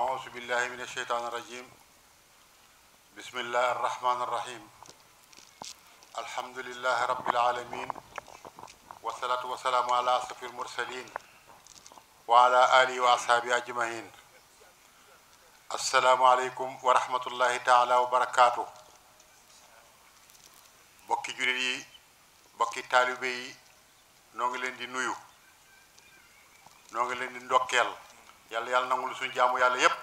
أعوذ بالله من الشيطان الرجيم بسم الله الرحمن الرحيم الحمد لله رب العالمين والصلاة والسلام على أسف المرسلين وعلى آله وأصحابه أجمعين السلام عليكم ورحمة الله تعالى وبركاته bokki jullit yi bokki taalibe yi noo ngi leen di nuyu noo ngi leen di ndokkeel yàlla yàlla nangul suñu jaamu yàlla yépp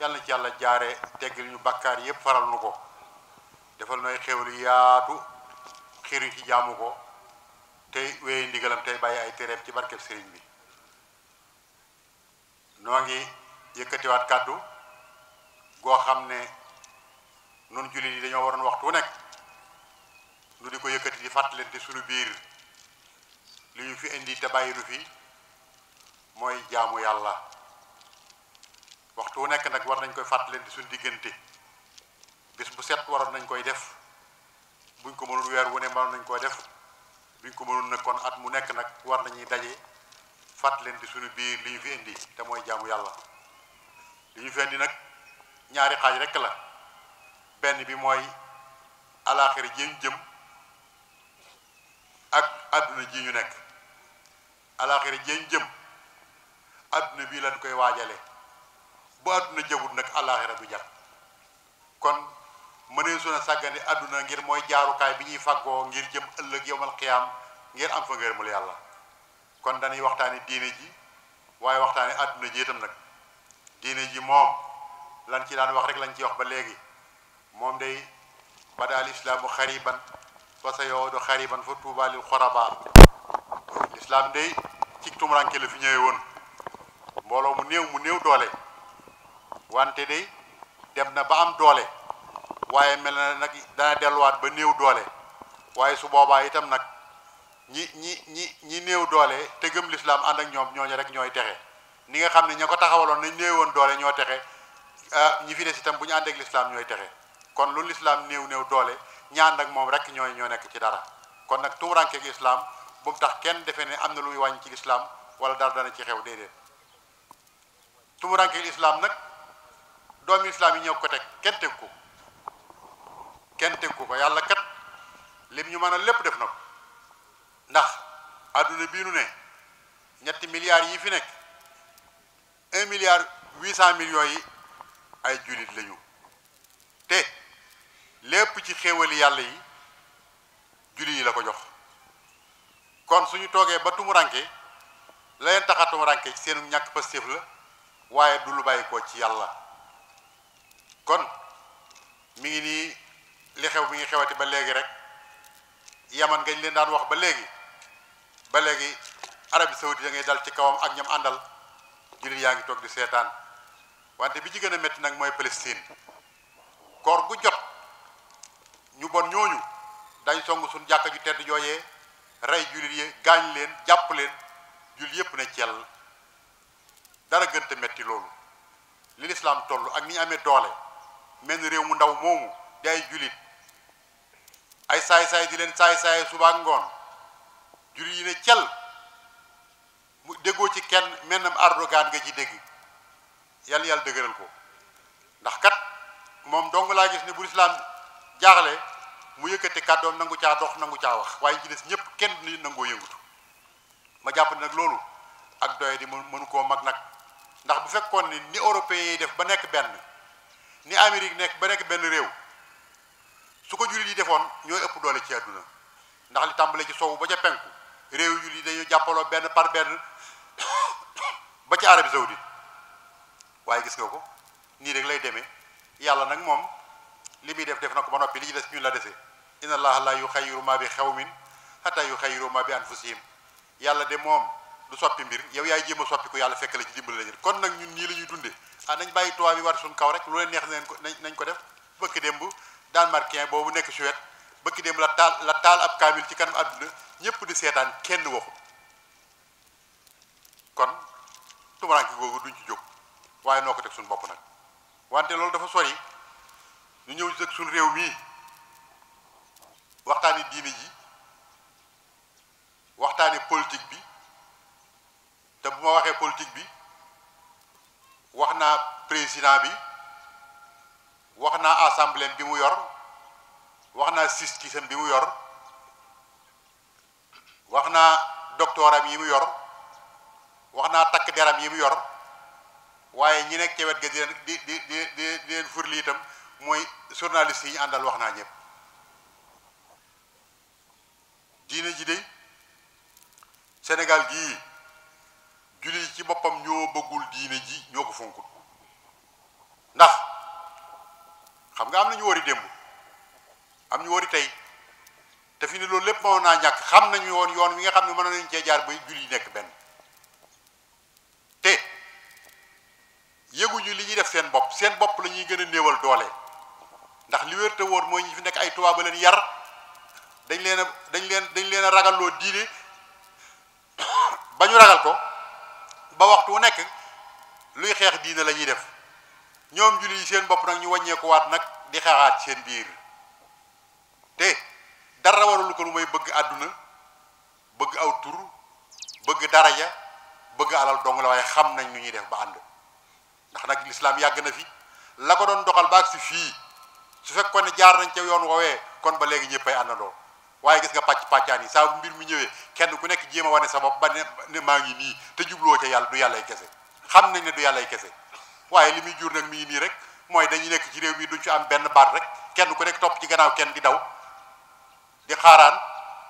yàlla ci yàlla jaare teggil ñu bakkaar yépp faral nu ko defal nooy xéwal yaatu xiriñ ci jaamu ko tey wéy ndigalam tey bàyyi ay tereem ci barkeb sëriñ bi noo ngi yëkkatiwaat kàddu goo xam ne nun jullit yi dañoo waroon waxtu nekk lu di ko yëkkati di fàttalante sunu biir li ñu fi indi te bàyyi nu fi mooy jaamu yàlla waxtu wu nekk nag war nañ koy fàttali di suñ diggante bis bu set waroon nañ koy def buñ ko mënul weer wu ne mënoon nañ koy def buñ ko mënul nekkoon at mu nekk nag war nañuy daje leen di suñu biir li ñu fi te mooy jaamu yàlla li ñu fi nag ñaari xaaj rekk la benn bi mooy alaaxira ji jëm ak àdduna ji ñu nekk alaaxira ji jëm àdduna bii lañ koy waajale bu adduna jëwut nag àllaaxira du jag kon mënee su na sàggane adduna ngir mooy jaarukaay bi ñuy faggoo ngir jëm ëllëg yowmal xiyaam ngir am fa mul yàlla kon dañuy waxtaani diine ji waaye waxtaani adduna ji itam nag diine ji moom lan ci daan wax rek lañ ci wax ba léegi moom day ba al islaamu xariban ba sa yowdu xariban fa tuuba lil xoraba lislaam ci tumuranke fi ñëwee woon mbooloo mu néew mu néew doole wante day dem na ba am doole waaye mel na nag dana delluwaat ba néew doole waaye su boobaa itam nag ñi ñi ñi ñi néew doole te gëm lislaam ànd ak ñoom ñooñu rek ñooy texe ni nga xam ne ña ko taxawaloon nañ néewoon doole ñoo texe ah, ñi fi des itam bu ñu ànd ak lislaam ñooy texe kon lu lislaam néew néew doole ñaan ak moom rek ñooy ñoo nekk ci dara kon nag tumurankeeg lislaam bu mu tax kenn defee ne am na luy wàññi ci lislaam wala dara dana ci xew déedéet tumurankeel islaam nag doomi islaam yi ñoo ko teg kenn teg ko kenn teg ko ko yàlla kat lim ñu mën a lépp def na ko ndax àdduna bii nu ne ñetti milliards yi fi nekk un milliard huit cent millions yi ay jullit lañu te lépp ci xéewali yàlla yi jullit yi la ko jox kon suñu toogee ba tumuranke la leen tax a tumuranke ci seenu ñàkk pastéef la waaye du lu bàyyi ko ci yàlla kon mi ngi nii li xew mi ngi xewati ba léegi rek yaman ngañ leen daan wax ba léegi ba léegi arabi saudi da ngay dal ci kawam ak ñam àndal jullit yaa ngi toog di seetaan wante bi ci gën a métti nag mooy Palestine koor gu jot ñu bon ñooñu dañ song suñ jàkka ju tedd jooyee rey jullit yi gaañ leen jàpp leen jullit yépp ne cell dara gën te metti loolu li lislaam toll ak ni amee doole mel ni réew mu ndaw moomu di ay julit ay saay-saay di leen saay-saay suba ak ngoon julit yi ne cel mu déggoo ci kenn mennam ardogan nga ci dégg yàlla yàlla dëgëral ko ndax kat moom dong laa gis ne bu lislaam jaaxle mu yëkkati kàddoom nangu caa dox nangu caa wax waaye ci des ñëpp kenn ni nangoo yëngutu ma jàpp nag loolu ak doye di mënu koo mag nag ndax bu fekkoon ni ni européens yi def ba nekk benn ni Amérique nekk ba nekk benn réew su ko jullit yi defoon ñooy ëpp doole ci àdduna ndax li tàmbale ci sowu ba ca penku réew jullit yi dañuy jàppaloo benn par benn ba ca Arabie Saoudite waaye gis nga ko nii rek lay demee yàlla nag moom li muy def def na ko ba noppi li ñu des ñun la dese inna allaha la yuxayyiru ma bi xawmin hatta yuxayyiru ma bi anfusihim yàlla de moom du soppi mbir yow yaay jéem a soppi ko yàlla fekk la ci dimbali la kon nag ñun nii la ñuy dundee ah nañ bàyyi tubaab yi war suñ kaw rek lu leen nañ ko nañ ko def bëkk démb Danemarkien boobu nekk Suède bëkk démb la taal la taal ab kaamil ci kanam àdduna ñëpp di seetaan kenn waxu kon tumuraanke googu duñ ci jóg waaye noo ko teg suñu bopp nag wante loolu dafa sori ñu ñëw ci suñu réew mii waxtaani diine ji waxtaani politique bi te bu ma waxee politique bi wax naa président bi wax naa assemblée bi mu yor wax naa sis système bi mu yor wax naa doctoram yi mu yor wax naa takk deram yi mu yor waaye ñi nekk ca wet ga di leen di di di di leen furli itam mooy journaliste yi ñu àndal wax naa ñëpp diine ji de Sénégal gii jullit ci boppam ñoo bëggul diine ji ñoo ko fonkul ndax xam nga am na ñu wari démb am ñu wari tey te fi ne loolu lépp mënoon naa ñàkk xam nañu woon yoon wi nga xam ne mën nañu cee jaar ba jullit nekk benn te yëguñu li ñuy def seen bopp seen bopp lañuy gën a néewal doole ndax li wér te mooy ñu fi nekk ay tubaab ba leen yar dañ leen a dañ leen dañ leen a ragalloo diine ba ñu ragal ko. ba waxtu wu nekk luy xeex diine la ñuy def ñoom julli yi seen bopp nag ñu wàññeeku nag di xeexaat seen biir te dara warul ko lu may bëgg àdduna bëgg aw tur bëgg dara daraja bëgg alal dong la waaye xam nañ nu ñuy def ba ànd ndax nag lislaam yàgg na fi la ko doon doxal ba ak si fii su fekkoon ne jaar nañ ca yoon woowee kon ba léegi ñëppay àndandoo waaye gis nga pàcc pàccaan yi saa mbir mi ñëwee kenn ku nekk jéema a wane sa bopp ba ne maa ngi nii te jubloo ca yàlla du yàllay kese xam nañ ne du yàllay kese waaye li muy jur nag mi ngi nii rek mooy dañu nekk ci réew mi du ci am benn baat rek kenn ku nekk topp ci gannaaw kenn di daw di xaaraan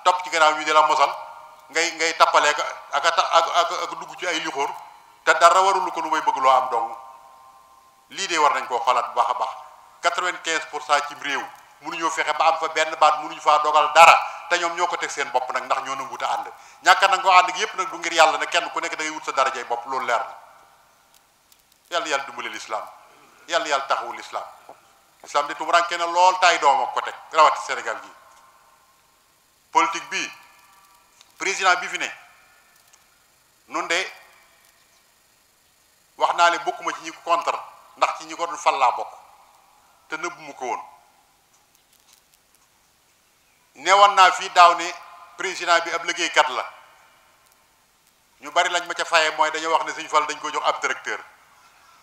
topp ci ganaaw ñu di la mosal ngay ngay tappale ak ak ak dugg ci ay lixóor te dara warul ko lu may bëgg loo am dong lii de war nañ koo xalaat bu baax a baax quatre pour cent ci réew. mënuñoo fexe ba am fa benn baat mënuñu faa dogal dara te ñoom ñoo ko teg seen bopp nag ndax ñoo nanguwut a ànd ñàkk a ko ànd yépp nag du ngir yàlla ne kenn ku nekk da ngay wut sa darajay bopp loolu leer na yàlla yàlla dimbale lislaam yàlla yàlla taxawu lislaam lislaam di tumuranke na lool tay doom ko teg rawati Sénégal gi politique bi président bi fi ne nun de wax naa ne bokkuma ci ñi ko contre ndax ci ñi ko doon fal laa bokk te nëbb ko woon newoon naa fii daaw ne président bi ab liggéeykat la ñu bari lañ ma ca faye mooy dañoo wax ne Sëñ Fall dañ ko jox ab directeur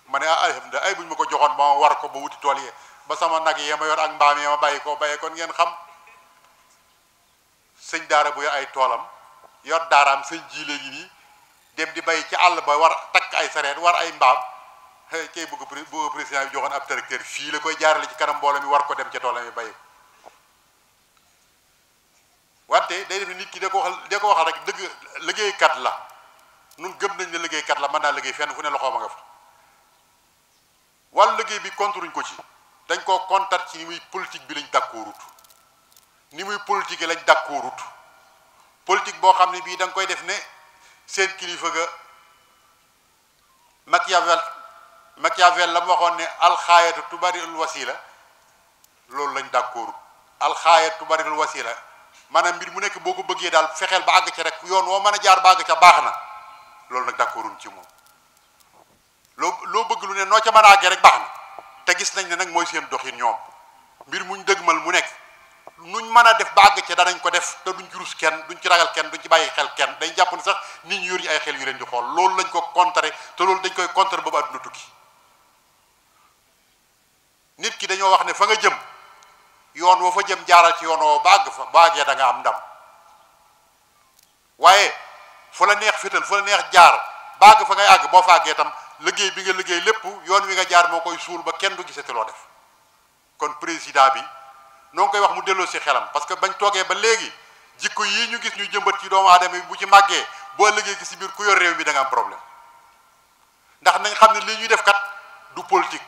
ma ne ah alhamdulilah ay buñ ma ko joxoon ma war ko ba wuti tool yi ba sama nag yee ma yor ak mbaam yee ma bàyyi ko bàyyi kon ngeen xam sëñ daara bu yor ay toolam yor daaraam sëñ jii léegi nii dem di bay ca àll ba war takk ay sareet war ay mbaam kay bëgg bëgg président bi joxoon ab tracteur fii la koy jaarale ci kanam mbooloo mi war ko dem ca toolam yi bàyyi wante day def nit ki da ko waxal da ko waxal rek dëgg liggéeykat la nun gëm nañ ne liggéeykat la mën naa liggéey fenn fu ne loxoom a nga fa wàllu liggéey bi kontruñ ko ci dañ koo kontar ci ni muy politique bi lañ dàkkoorut ni muy politique lañ dàkkoorut politique boo xam ne bii da koy def ne seen kilifa ga Machiavel Machiavel la mu waxoon ne alxaayatu tubarilul wasila loolu lañ dàkkoorut alxaayatu tubarilul wasila maanaam mbir mu nekk boo ko bëggee daal fexeel ba àgg ca rek yoon woo mën a jaar ba àgg ca baax na loolu nag d'accordum ci moom loo loo bëgg lu ne noo ca man a àggee rek baax na te gis nañ ne nag mooy seen doxin ñoom mbir mu muñ dëgmal mu nekk nuñ mën a def ba àgg ca danañ ko def te duñ ci rus kenn duñ ci ragal kenn duñ ci bàyyi xel kenn dañ jàpp ne sax nit ñu yor ñu ay xel yu leen di xool loolu lañ ko contrer te loolu dañ koy contrer boobu àdduna tukki nit ki dañoo wax ne fa nga jëm yoon woo fa jëm jaaral ci yoon woo bàgg fa bàggee da nga am ndam waaye fu la neex fétal fu la neex jaar bàgg fa ngay àgg boo fa àggee itam liggéey bi nga liggéey lépp yoon wi nga jaar moo koy suul ba kenn du gisati loo def kon président bi noo ngi koy wax mu delloo si xelam parce que bañ toogee ba léegi jikko yii ñu gis ñu jëmbat ci doomu aadama yi bu ci màggee boo liggéey gi si biir ku yor réew mi da am problème ndax nañ xam ne lii ñuy def kat du politique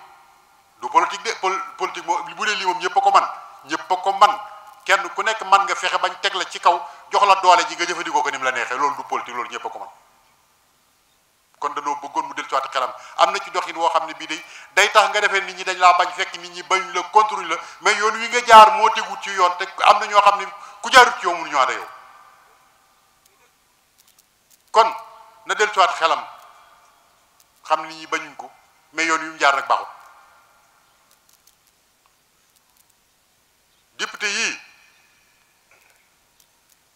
du politique de politique moo bu dee lii moom ñëpp ko man ñëpp a ko man kenn ku nekk man nga fexe bañ teg la ci kaw jox la doole ji nga jëfandikoo ko ni mu la neexee loolu du politique loolu ñëpp a ko man kon danoo bëggoon mu del siwaat xelam am na ci doxin woo xam ne bii day day tax nga defee nit ñi dañ laa bañ fekk nit ñi bañ la contrôle la mais yoon wi nga jaar moo tegut ci yoon te am na ñoo xam ne ku jaarut ci yow mënuñu ànd yow kon na del xelam xam nit ñi bañuñ ko mais yoon wi mu jaar nag baaxut député yii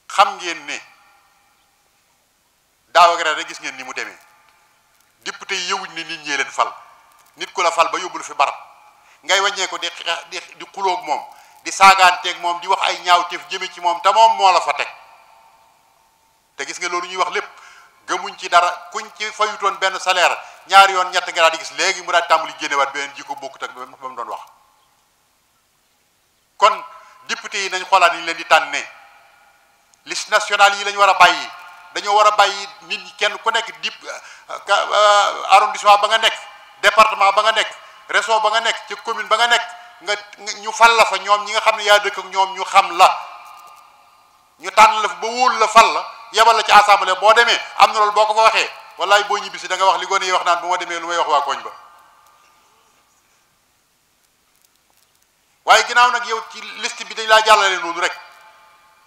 xam ngeen ne daaw ak rek gis ngeen ni mu demee député yi yëwuñ ne nit ñee leen fal nit ku la fal ba yóbbul fi barab ngay ko di di di xulóog moom di saagaanteeg moom di wax ay ñaawteef jëme ci moom te moom moo la fa teg te gis nga loolu ñuy wax lépp gëmuñ ci dara kuñ ci fayutoon benn salaire ñaari yoon ñett nga daal di gis léegi mu daal tàmbali génnewaat beneen ji ko bokkut ak ba mu doon wax kon député yi nañ xoolaat ni leen di tànnee liste nationale yi lañ war a bàyyi dañoo war a bàyyi nit ñi kenn ku nekk dip euh, euh, arrondissement ba nga nekk département ba nga nekk région ba nga nekk ci commune ba nga nekk nga ñu fal la fa ñoom ñi nga xam ne yaa dëkk ak ñoom ñu xam la ñu tànn la fa ba wóolu la fal la yebal la ci assemblée boo demee am na loolu boo ko fa waxee wallaay boo ñibbisi da nga wax li gone yi wax naan bu ma demee lu may wax waa koñ ba waaye ginnaaw nag yow ci liste bi dañ laa jàllale loolu rek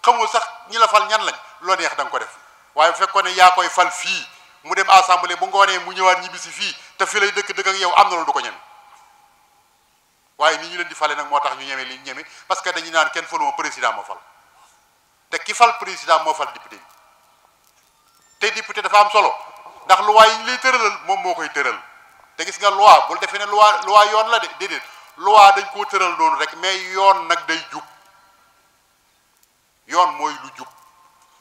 xamoo sax ñi la fal ñan lañ loo neex da nga ko def waaye bu fekkoon ne yaa koy fal fii mu dem assemblée bu ngoonee mu ñëwaat ñibbisi fii te fi lay dëkk dëkk ak yow am na loolu du ko ñeme waaye ni ñu leen di fale nag moo tax ñu ñeme li ñu ñeme parce que dañu naan kenn faluma président moo fal te ki fal président moo fal député te député dafa am solo ndax loi yi ñu lay tëralal moom moo koy tëral te gis nga loi bul defee ne loi loi yoon la de déedéet loi dañ koo tëral noonu rek mais yoon nag day jub yoon mooy lu jub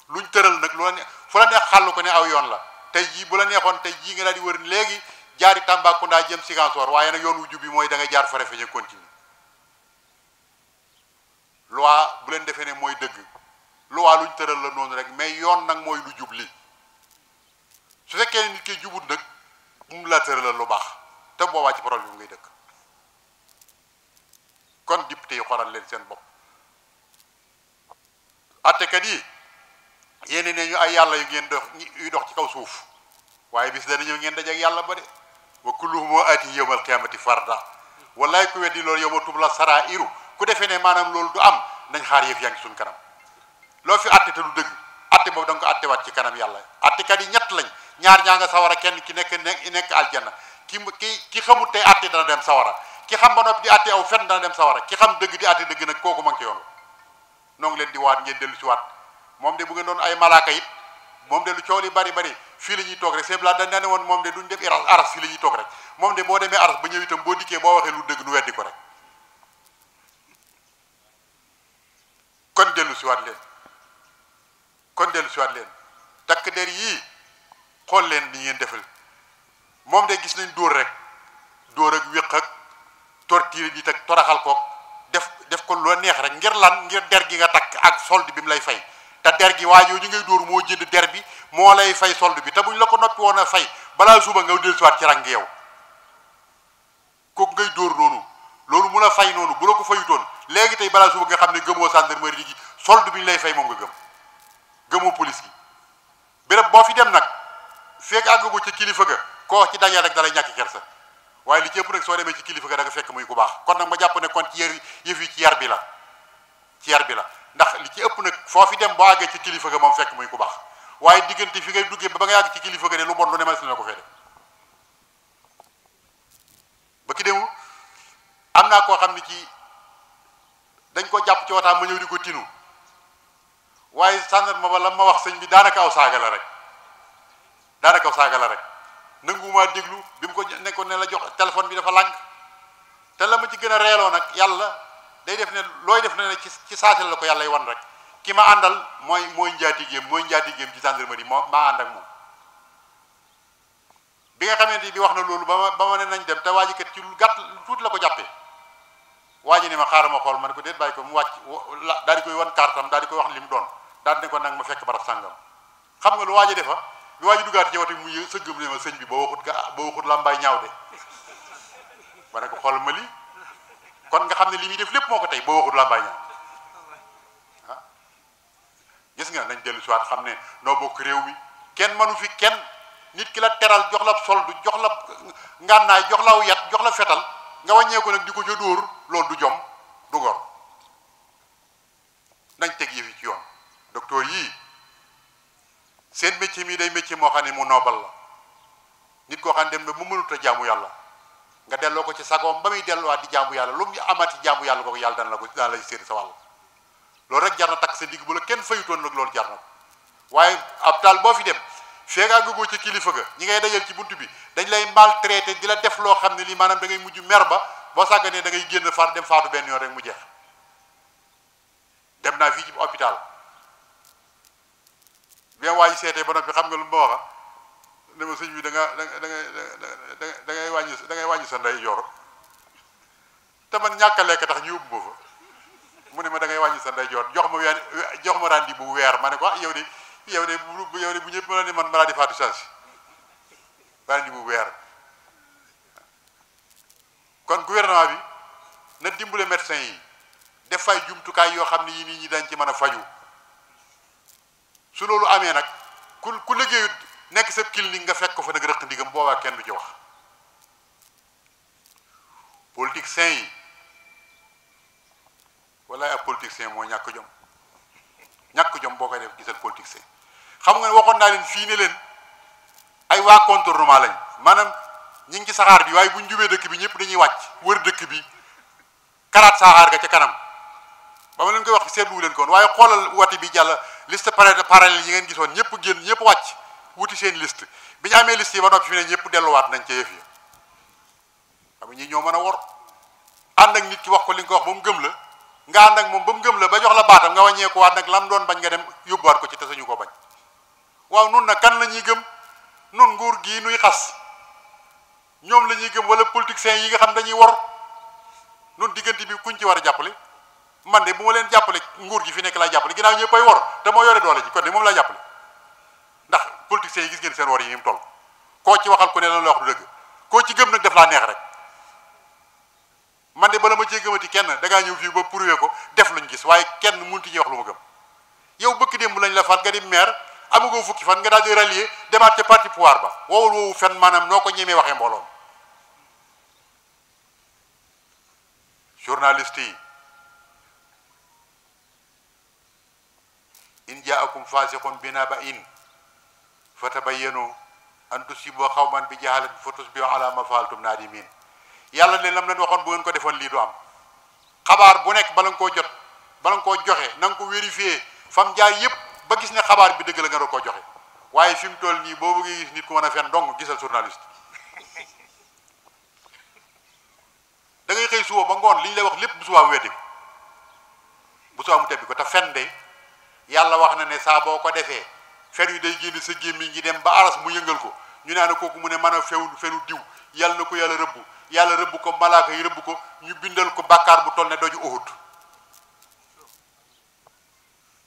luñ tëral nag lu la neex fu la neex xàll ko ne aw yoon la te jii bu la neexoon tey jii nga daal di wër léegi jaari Tambacounda jëm Ziguinchor waaye nag yoon wu jub bi mooy da nga jaar Farafeññe continue loi bu leen defee ne mooy dëgg loi luñ tëral la noonu rek mais yoon nag mooy lu jub li su fekkee nit ki jubut nag mu la tëral la lu baax te boobaa ci problème ngay dëkk kon député yi xoral leen seen bopp attekat yi yéen ne ñu ay yàlla yu ngeen dox yuy dox ci kaw suuf waaye bis dana ñëw ngeen dajeek yàlla ba de wa kulluhum moo aati yawmal qiyaamati farda wallaay ku weddi loolu yawma tubla saraa'iru ku defee ne maanaam loolu du am nañ xaar yëf yaa ngi suñ kanam loo fi atte te du dëgg atte boobu da nga ko attewaat ci kanam yàlla attekat yi ñett lañ ñaar ñaa nga sawara kenn ki nekk nekk aljanna ki ki ki xamut tey atte dana dem sawara ki xam ba noppi di àtte aw fen dana dem sawara ki xam dëgg di àtte dëgg nag kooku ngi leen di waat dellu si moom de bu ay malaaka moom de lu coow li bari bari fii la ñuy toog rek seeblaat dañ ne woon moom de duñ def iras aras fii la ñuy toog rek moom de boo demee aras ba ñëw itam boo dikkee boo waxee lu dëgg nu kon dellu si waat leen kon dellu si waat leen takk der yii xool leen ni ngeen defal moom de gis nañ dóor rek dóor ak wéq torture nit teg toraxal ko def def ko loo neex rek ngir lan ngir der gi nga takk ak solde bi mu lay fay te der gi waajoo ñu ngay dóor moo jënd der bi moo lay fay solde bi te buñ la ko noppi woon a fay balaa suba nga dellusiwaat ci rang yow ngay dóor noonu loolu mun a fay noonu bu la ko fayutoon léegi tey balaa suba nga xam ne gëmoo gendarmerie gi solde bi ñu lay fay moom nga gëm gëmoo police gi béréb boo fi dem nag feeg àggagu ca kilifa ga koo ci dajal rek dalay ñàkk kersa waaye li ci ëpp nag soo demee ci kilifa ga da fekk muy ku baax kon nag ma jàpp ne kon ci yar yëf ci yar bi la ci yar bi la ndax li ci ëpp nag foo fi dem boo àggee ci kilifa ga moom fekk muy ku baax waaye diggante fi ngay duggee ba nga yàgg ci kilifa de lu bon lu ne mën na ko fee def ba ki dem am naa koo xam ni ci dañ ko jàpp ci wataam ma ñëw di ko tinu waaye sàndarma ma la ma wax sëñ bi daanaka aw saaga rek daanaka aw saaga la rek. nanguwumaa déglu bi mu ko nekkoon ne la jox téléphone bi dafa làng te la ma ci gën a reeloo nag yàlla day def ne looy def na ne ci ci saasi la ko yàlla wan rek ki ma àndal mooy mooy njaatigéem mooy njaatigéem ci gendarmerie moo maa ànd ak moom bi nga xamante bi wax na loolu ba ma ba ma ne nañ dem te waaj ji ci lu gàtt tuuti la ko jàppee waa ji ne ma xaaral ma xool ma ne ko déet bàyyi ko mu wàcc la daal di koy wan kartam daal di koy wax li mu doon daal di ne ko nag ma fekk barab sàngam xam nga lu waa ji defa bi waa ji duggaat ñëwati mu yë sëgg mu ne ma sëñ bi boo waxut ga boo ñaaw de ma ne ko xool ma li kon nga xam ne li muy def lépp moo ko tey boo waxut làmbaay ñaaw ah gis nga nañ dellu si xam ne noo bokk réew mi kenn mënu fi kenn nit ki la teral jox la sol du jox la ngànnaay jox la yat jox la fetal nga wàññeeku nag di ko ca dóor loolu du jom du gor nañ teg yëf ci yoon docteur yii seen métier mii day métier moo xam ne mu noobal la nit koo xam ne dem ba mu mënut a jaamu yàlla nga delloo ko ci sagoom ba muy delluwaat di jaamu yàlla lu mu amati jaamu yàlla kooku yàlla dana la ko dana lay séen sa wàll loolu rek jar na takk sa digg bu la kenn fayutoon nag loolu jar na waaye ab taal boo fi dem feegaa gugoo ci kilifa ga ñi ngay dajal ci bunt bi dañ lay maltraité di la def loo xam ne lii maanaam da ngay mujj mer ba boo sàgganee da ngay far dem faatu benn yoon mu jeex naa fii ci hôpital bee waaji seetee ba noppi xam nga lu ma waxa ne ma sëñ bi da nga da nga da wàññi da ngay wàññi sa ndey te man ñàkk a lekk tax ñu ubbi ma fa mu ne ma da ngay sa ndey jox ma we jox ma rendi bu weer ma ne ko ah yow de yow de bu yow de bu ñëpp mënoon ne man maladie faatu saa si rendi bu weer kon gouvernement bi na dimbale médecin yi def fay jumtukaay yoo xam ne yi nii ñi dañ ci mën a faju su loolu amee nag ku ku liggéeyut nekk sa clinique nga fekk ko fa nag rëq ndigam boobaa kenn du ci wax politiciens yi walaay ab politicien moo ñàkk jom ñàkk jom boo koy def gisal politicien xam nga ne waxoon naa leen fii ne leen ay waa contournement lañ maanaam ñi ngi ci saxaar bi waaye bu ñu dëkk bi ñëpp dañuy wàcc wër dëkk bi karaat saxaar ga ca kanam ba ma leen koy wax seetlu wu leen kon waaye xoolal wati bi jàll list liste parallèle yi ngeen gisoon ñëpp génn ñëpp wàcc wuti seen liste bi ñu amee liste yi ba noppi fi ne ñëpp delluwaat nañ ca yëf yi xam ñi ñoo mën a wor ànd ak nit ki wax ko li nga wax ba mu gëm la nga ànd ak moom ba mu gëm la ba jox la baatam nga wàññeekuwaat nag lam doon bañ nga dem yóbbuwaat ko ci te sañu ko bañ waaw nun nag kan la ñuy gëm noon nguur gii nuy xas ñoom la ñuy gëm wala politiciens yi nga xam dañuy wor nun diggante bi kuñ ci war a jàppale man de bu ma leen jàppale nguur gi fi nekk laa jàppale ginnaaw ñëpp ay wor te moo yore doole ji kon de moom laa jàppale ndax politiciens yi gis ngeen seen wor yi ni mu toll koo ci waxal ku ne lan la wax du dëgg koo ci gëm nag def laa neex rek man de ba bala ma cee gëmati kenn da ñëw fii ba prouvé ko def luñ gis waaye kenn mënut ñuy wax lu ma gëm yow bëkk démb lañ la faat nga di maire amagoo fukki fan nga daal di rallier demaat ca parti pouvoir ba woowul fen maanaam noo ko ñemee waxee mbooloom journaliste yi in jaakum fasiqun binaba'in fatabayyanu boo xaw xawman bi jahalatin fatusbihu ala ma faaltum nadimin yàlla leen lam leen waxoon bu ngeen ko defoon lii du am xabaar bu nekk bala nga koo jot bala koo joxe na nga ko vérifié fam njaay yépp ba gis ne xabaar bi dëgg la nga doog koo joxe waaye fi mu toll nii boo bëggee gis nit ku mën a fen dong gisal journaliste da ngay xëy suba ba ngoon li ñu lay wax lépp bu subaa mu weddi bu subaa mu tebbi ko yàlla wax na ne saa boo ko defee fer yu day génn sa gémmiñ ngi dem ba aras mu yëngal ko ñu naan kooku mu ne mën a few diw yàlla na ko yàlla rëbb yàlla rëbb ko malaaka yi rëbb ko ñu bindal ko bàkkaar bu toll ne doj uhud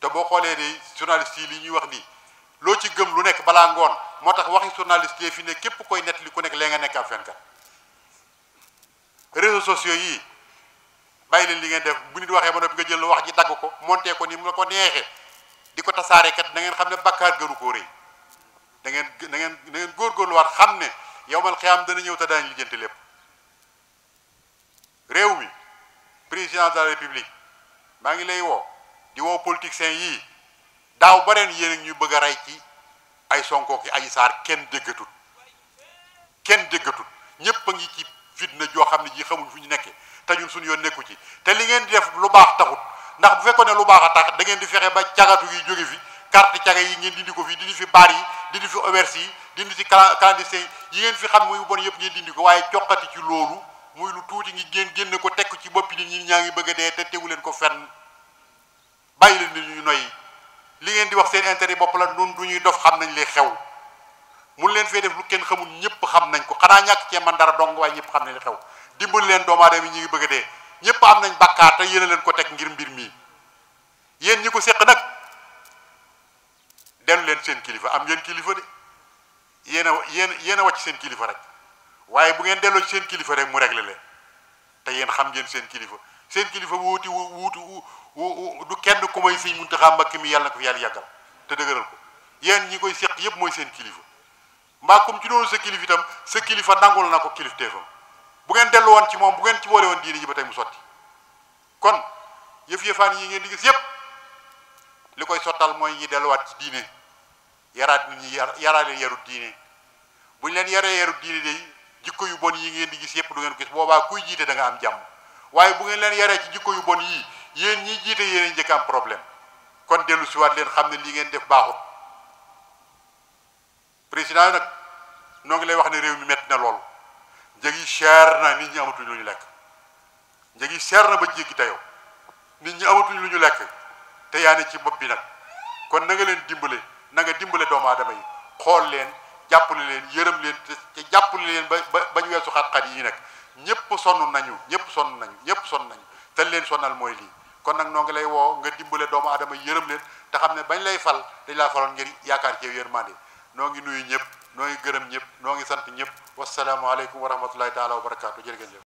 te boo xoolee de journaliste yi li ñuy wax nii loo ci gëm lu nekk balaa ngoon moo tax waxi journaliste yi fi ne képp koy nett li ku nekk lee nga nekk ab fenkat réseaux sociaux yi bàyyi leen li ngeen def bu nit waxee ba noppi nga jël wax ji dagg ko monté ko ni mu la ko neexee di ko tasaarekat da ngeen xam ne bakkaar garu koo rëy da ngeen da ngeen da ngeen xam ne yowmal xiyaam dana ñëw te daañu lijjanti lépp réew mi président de la république maa ngi lay woo di woo politiciens yii daaw ba ren yéen ñu bëgg a rey ci ay Sonko ki Adji Sarr kenn déggatul kenn déggatul ñëpp a ngi ci fitna joo xam ne ji xamuñ fu ñu nekkee te ñun suñu yoon nekku ci te li ngeen di def lu baax taxut. ndax bu fekkoon ne lu baax a tax da ngeen di fexe ba cagatu yi jóge fi carte caga yi ngeen dindi ko fi dindi fi baar yi dindi fi auberge yi dindi fi clandestin yi ngeen fi xam muy bon yëpp ngeen dindi ko waaye coqati ci loolu muy lu tuuti ngi génn génn ko tekk ci boppi nit ñi ñaa ngi bëgg dee te tegu leen ko fenn bàyyi leen ni ñuy noyyi li ngeen di wax seen intérêt bopp la nun du ñuy dof xam nañ li xew mun leen fee def lu kenn xamul ñëpp xam nañ ko xanaa ñàkk cee man dara dong waaye ñëpp xam ne li xew dimbal leen doomu aadama yi ñu ngi bëgg dee ñëpp am nañ bàkkaar te yéen a leen ko teg ngir mbir mii yéen ñi ko séq nag dellu leen seen kilifa am ngeen kilifa de yéen a yéen yéen a wàcc seen kilifa rek waaye bu ngeen delloo ci seen kilifa rek mu réglé leen te yéen xam ngeen seen kilifa seen kilifa wuuti wuuti du kenn ku may Sëñ Muntaxa Mbakke mi yàlla na ko fi yàlla yàggal te dëgëral ko yéen ñi koy séq yëpp mooy seen kilifa mbaa comme ci doonu sa kilifa itam sa kilifa nangul na ko kilifteefam bu ngeen dellu woon ci moom bu ngeen ci boole woon diini ji ba tey mu sotti kon yëf-yëfaan yi ngeen di gis yëpp li koy sottal mooy ñi delluwaat ci diine yaraat nit ñi yaraa leen yarut diine bu ñu leen yaree yarut diine day jikko yu bon yi ngeen di gis yëpp du ngeen ko gis boobaa kuy jiite danga am jàmm waaye bu ngeen leen yaree ci jikko yu bon yii yéen ñiy jiite yéen njëkk am problème kon dellu siwaat leen xam ne li ngeen def baaxut président nag noo ngi lay wax ne réew mi metti na lool njëg yi cher na nit ñi amatuñ lu ñu lekk njëg yi cher na ba jéggi dayoo nit ñi amatuñ lu ñu lekk te yaa ne ci bopp bi nag kon na leen dimbale nag dimbale doomu aadama yi xool leen jàppale leen yërëm leen te jàppale leen ba ba ba ñu weesu xat-xat yi nag ñëpp sonn nañu ñëpp sonn nañu ñëpp sonn nañu te leen sonnal mooy lii kon nag noo ngi lay woo nga dimbale doomu aadama yërëm leen te xam ne bañ lay fal dañ laa faloon ngir yaakaar ci yërmande noo ngi nuyu ñëpp noo ngi gërëm ñëpp noo ngi sant ñëpp wasalaamualeykum wa rahmatullahi taala wa barakaatu jërë ngeen jëf